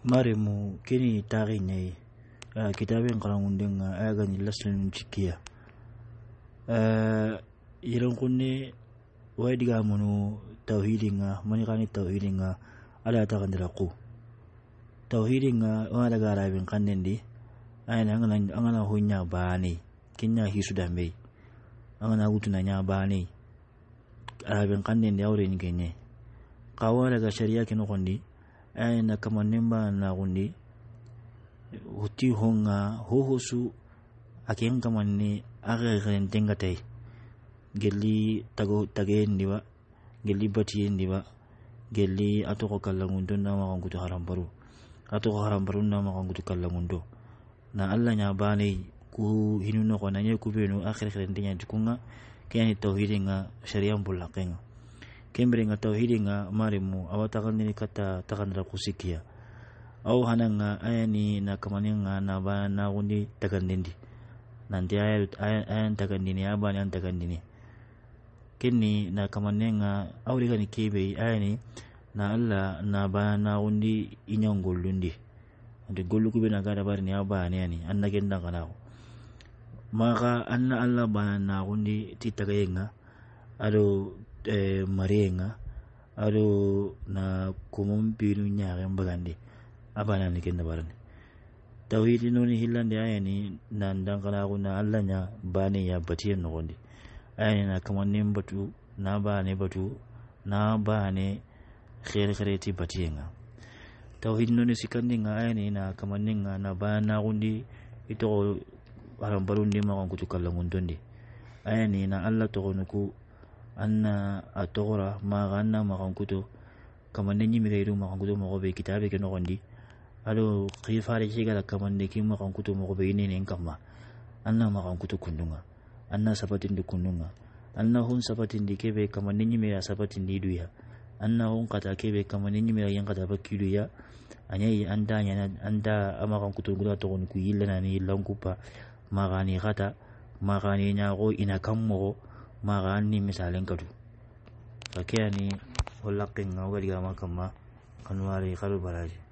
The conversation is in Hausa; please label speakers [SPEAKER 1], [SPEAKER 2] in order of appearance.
[SPEAKER 1] marimu kini tari ne eh, kitabin karangundin eh, a gani lasin cikiya eh, irin kunne wai diga munu tauhidin ga mani kani tauhidin ga ala ta kan ku tauhidin ga wani daga rabin kan din di na an gana hunya ba ne kin ya hisu da mai an gana gutu na ya ba ne arabin kan da yaure ni kenye kawo daga shari'a kinu kundi aina nimba na guni huti honga hohosu aken kamanni agarrentenga tai geli tago tage tagendiwa geli bati batiyendiwa geli atoko kallangundo na ma makangutu harambaru atoko baru na ma makangutu kallangundo na allah nya bani ku hinuno ko na no kona nye kubenu akhirkhirentenya dikunga kiyani tawhidinga sharia mbulakenga kembere nga tauhidi nga marimu awatakandini kata takandra kusikia au hana nga ayani na kamani nga na ba na takan takandindi nanti ayan ayan takandini abani an takandini kini na kamani nga aure gani kebe ayani na alla na ba na gundi inyong gulundi ande gollu kube na gada bari ni ni ani anna genda kana maka anna alla bana na gundi titagayenga Aduh, Eh, marenga ado na komon binu ñaren bagandi a banani kenda barani tawhidi nuni hillandi ni nan dankanaku na allah ña bane ya batiyen aya ni na kamannin batu na bane batu na bane xeere xereeti batiyenga sikandi nga aya ni na ni nga na na ito banaxundi i toxo harambarundi maxonkutu aya ni na allah toxonuku anna a togora maga anna magankuto kamande ñimige yidu magankuto mogo be kitabe ke nogondi ado kifare sigala kamande ki magankuto mogo be yinenen kamma anna magankuto kundunga anna sabatindi kundunga anna hun sabatindi kebe kamande ñimira sabatindi yiduya anna hun kata kebe kamande ñimira yen kata bakkiduya anyayi anda nyana anda amagankuto gula togoni ku yillanani yillankupa magani kata magani ñago ina kam magani misalin kadu fakiya ni wala kin ngawari ga makamma kanwari kalu baraji